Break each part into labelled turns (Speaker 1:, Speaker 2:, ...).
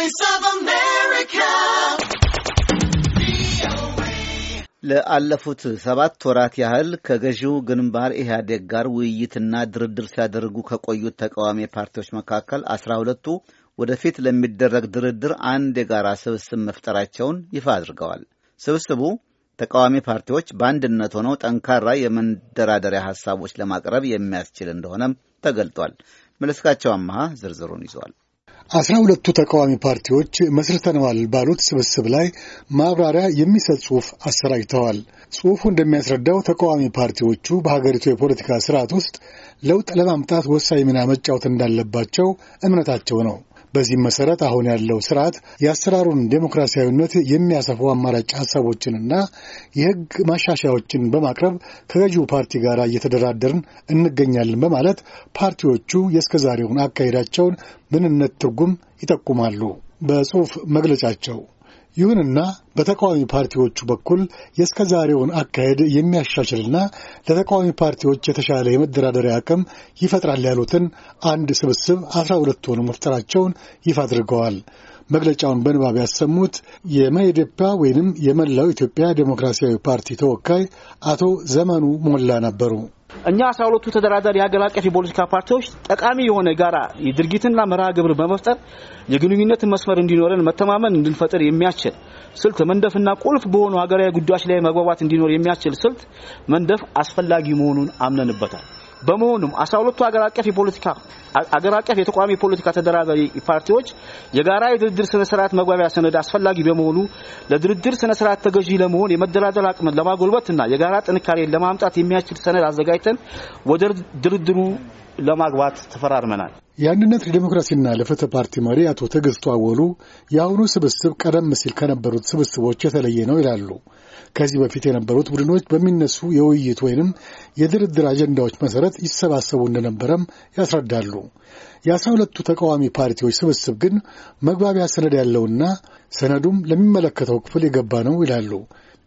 Speaker 1: Voice of America. ለአለፉት ሰባት ወራት ያህል ከገዢው ግንባር ኢህአዴግ ጋር ውይይትና ድርድር ሲያደርጉ ከቆዩት ተቃዋሚ ፓርቲዎች መካከል አስራ ሁለቱ ወደፊት ለሚደረግ ድርድር አንድ የጋራ ስብስብ መፍጠራቸውን ይፋ አድርገዋል። ስብስቡ ተቃዋሚ ፓርቲዎች በአንድነት ሆነው ጠንካራ የመንደራደሪያ ሀሳቦች ለማቅረብ የሚያስችል እንደሆነም ተገልጧል። መለስካቸው አመሃ ዝርዝሩን ይዟል።
Speaker 2: አስራ ሁለቱ ተቃዋሚ ፓርቲዎች መስርተነዋል ባሉት ስብስብ ላይ ማብራሪያ የሚሰጥ ጽሑፍ አሰራጅተዋል። ጽሑፉ እንደሚያስረዳው ተቃዋሚ ፓርቲዎቹ በሀገሪቱ የፖለቲካ ስርዓት ውስጥ ለውጥ ለማምጣት ወሳኝ ሚና መጫወት እንዳለባቸው እምነታቸው ነው። በዚህም መሰረት አሁን ያለው ስርዓት የአሰራሩን ዴሞክራሲያዊነት የሚያሰፉ አማራጭ ሀሳቦችንና የህግ ማሻሻያዎችን በማቅረብ ከገዢው ፓርቲ ጋር እየተደራደርን እንገኛለን በማለት ፓርቲዎቹ የእስከዛሬውን አካሄዳቸውን ምንነት ትርጉም ይጠቁማሉ በጽሑፍ መግለጫቸው። ይሁንና በተቃዋሚ ፓርቲዎቹ በኩል የእስከ ዛሬውን አካሄድ የሚያሻሽልና ለተቃዋሚ ፓርቲዎች የተሻለ የመደራደሪያ አቅም ይፈጥራል ያሉትን አንድ ስብስብ አስራ ሁለቱን መፍጠራቸውን ይፋ አድርገዋል። መግለጫውን በንባብ ያሰሙት የመኢዴፓ ወይንም የመላው ኢትዮጵያ ዴሞክራሲያዊ ፓርቲ ተወካይ አቶ ዘመኑ ሞላ ነበሩ።
Speaker 1: እኛ አስራ ሁለቱ ተደራዳሪ የሀገር አቀፍ የፖለቲካ ፓርቲዎች ጠቃሚ የሆነ ጋራ የድርጊትና መርሃ ግብር በመፍጠር የግንኙነት መስመር እንዲኖረን መተማመን እንድንፈጥር የሚያስችል ስልት መንደፍና ቁልፍ በሆኑ ሀገራዊ ጉዳዮች ላይ መግባባት እንዲኖር የሚያስችል ስልት መንደፍ አስፈላጊ መሆኑን አምነንበታል። በመሆኑም አስራ ሁለቱ አገር አቀፍ የፖለቲካ አገር አቀፍ የተቋሚ የፖለቲካ ተደራዳሪ ፓርቲዎች የጋራ የድርድር ስነ ስርዓት መግባቢያ ሰነድ አስፈላጊ በመሆኑ ለድርድር ስነ ስርዓት ተገዢ ለመሆን የመደራደር አቅምን ለማጎልበትና የጋራ ጥንካሬን ለማምጣት የሚያስችል ሰነድ አዘጋጅተን ወደ ድርድሩ ለማግባት ተፈራርመናል።
Speaker 2: የአንድነት ለዲሞክራሲና ለፍትህ ፓርቲ መሪ አቶ ትዕግስቱ አወሉ የአሁኑ ስብስብ ቀደም ሲል ከነበሩት ስብስቦች የተለየ ነው ይላሉ። ከዚህ በፊት የነበሩት ቡድኖች በሚነሱ የውይይት ወይንም የድርድር አጀንዳዎች መሰረት ይሰባሰቡ እንደነበረም ያስረዳሉ። የአስራ ሁለቱ ተቃዋሚ ፓርቲዎች ስብስብ ግን መግባቢያ ሰነድ ያለውና ሰነዱም ለሚመለከተው ክፍል የገባ ነው ይላሉ።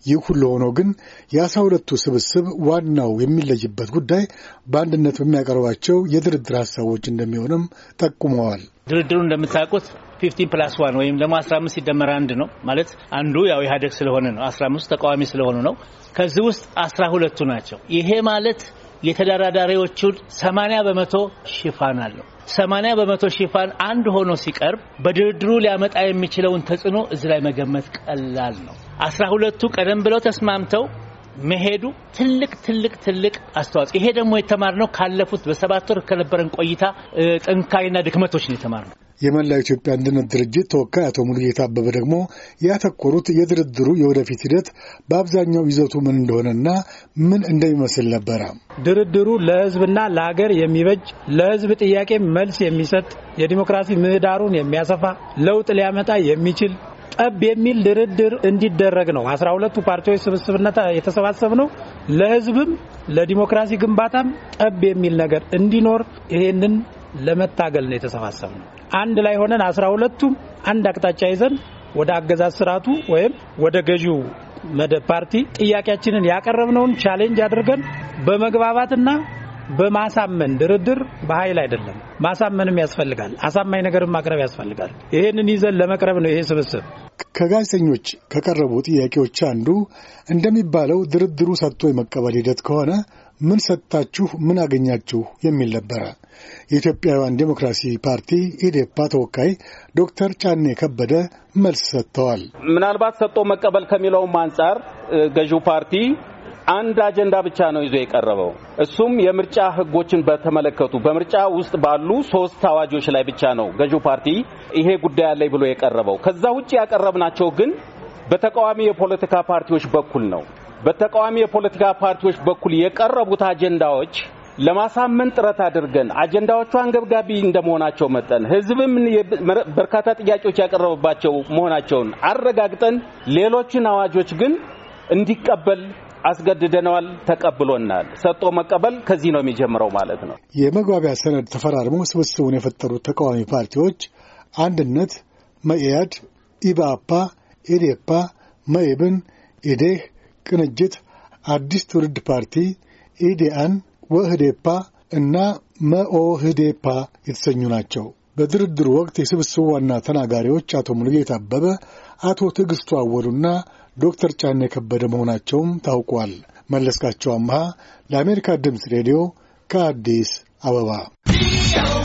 Speaker 2: ይህ ሁሉ ሆኖ ግን የአስራ ሁለቱ ስብስብ ዋናው የሚለይበት ጉዳይ በአንድነት በሚያቀርባቸው የድርድር ሀሳቦች እንደሚሆንም ጠቁመዋል።
Speaker 1: ድርድሩ እንደምታውቁት ፊፍቲን ፕላስ ዋን ወይም ደግሞ አስራ አምስት ሲደመር አንድ ነው ማለት አንዱ ያው ኢህአዴግ ስለሆነ ነው። አስራ አምስቱ ተቃዋሚ ስለሆኑ ነው። ከዚህ ውስጥ አስራ ሁለቱ ናቸው። ይሄ ማለት የተደራዳሪዎቹን 80 በመቶ ሽፋን አለው። 80 በመቶ ሽፋን አንድ ሆኖ ሲቀርብ በድርድሩ ሊያመጣ የሚችለውን ተጽዕኖ እዚህ ላይ መገመት ቀላል ነው። አስራ ሁለቱ ቀደም ብለው ተስማምተው መሄዱ ትልቅ ትልቅ ትልቅ አስተዋጽኦ። ይሄ ደግሞ የተማርነው ካለፉት በሰባት ወር ከነበረን ቆይታ ጠንካይና ድክመቶች ነው የተማርነው።
Speaker 2: የመላው ኢትዮጵያ አንድነት ድርጅት ተወካይ አቶ ሙሉጌታ አበበ ደግሞ ያተኮሩት የድርድሩ የወደፊት ሂደት በአብዛኛው ይዘቱ ምን እንደሆነና ምን እንደሚመስል ነበረ።
Speaker 3: ድርድሩ ለህዝብና ለሀገር የሚበጅ ለህዝብ ጥያቄ መልስ የሚሰጥ የዲሞክራሲ ምህዳሩን የሚያሰፋ ለውጥ ሊያመጣ የሚችል ጠብ የሚል ድርድር እንዲደረግ ነው። አስራ ሁለቱ ፓርቲዎች ስብስብነት የተሰባሰብ ነው። ለህዝብም ለዲሞክራሲ ግንባታም ጠብ የሚል ነገር እንዲኖር ይሄንን ለመታገል ነው የተሰባሰብ ነው። አንድ ላይ ሆነን አስራ ሁለቱም አንድ አቅጣጫ ይዘን ወደ አገዛዝ ስርዓቱ ወይም ወደ ገዢው መደብ ፓርቲ ጥያቄያችንን ያቀረብነውን ቻሌንጅ አድርገን በመግባባትና በማሳመን ድርድር በኃይል አይደለም። ማሳመንም ያስፈልጋል። አሳማኝ ነገርን ማቅረብ ያስፈልጋል።
Speaker 2: ይህንን ይዘን ለመቅረብ ነው ይሄ ስብስብ። ከጋዜጠኞች ከቀረቡ ጥያቄዎች አንዱ እንደሚባለው ድርድሩ ሰጥቶ የመቀበል ሂደት ከሆነ ምን ሰጥታችሁ ምን አገኛችሁ የሚል ነበረ። የኢትዮጵያውያን ዴሞክራሲ ፓርቲ ኢዴፓ ተወካይ ዶክተር ጫኔ ከበደ መልስ ሰጥተዋል።
Speaker 1: ምናልባት ሰጥቶ መቀበል ከሚለውም አንጻር ገዢው ፓርቲ አንድ አጀንዳ ብቻ ነው ይዞ የቀረበው። እሱም የምርጫ ሕጎችን በተመለከቱ በምርጫ ውስጥ ባሉ ሶስት አዋጆች ላይ ብቻ ነው ገዢው ፓርቲ ይሄ ጉዳይ አለኝ ብሎ የቀረበው። ከዛ ውጭ ያቀረብናቸው ግን በተቃዋሚ የፖለቲካ ፓርቲዎች በኩል ነው። በተቃዋሚ የፖለቲካ ፓርቲዎች በኩል የቀረቡት አጀንዳዎች ለማሳመን ጥረት አድርገን አጀንዳዎቹ አንገብጋቢ እንደመሆናቸው መጠን ህዝብም በርካታ ጥያቄዎች ያቀረበባቸው መሆናቸውን አረጋግጠን ሌሎችን አዋጆች ግን እንዲቀበል አስገድደነዋል። ተቀብሎናል። ሰጥቶ መቀበል ከዚህ ነው የሚጀምረው ማለት ነው።
Speaker 2: የመግባቢያ ሰነድ ተፈራርሞ ስብስቡን የፈጠሩት ተቃዋሚ ፓርቲዎች አንድነት፣ መኢአድ፣ ኢባፓ፣ ኢዴፓ፣ መኢብን፣ ኢዴህ ቅንጅት፣ አዲስ ትውልድ ፓርቲ፣ ኢዲአን ወህዴፓ እና መኦህዴፓ የተሰኙ ናቸው። በድርድሩ ወቅት የስብስቡ ዋና ተናጋሪዎች አቶ ሙሉጌታ አበበ፣ አቶ ትዕግስቱ አወሉና ዶክተር ጫኔ የከበደ መሆናቸውም ታውቋል። መለስካቸው አምሃ ለአሜሪካ ድምፅ ሬዲዮ ከአዲስ አበባ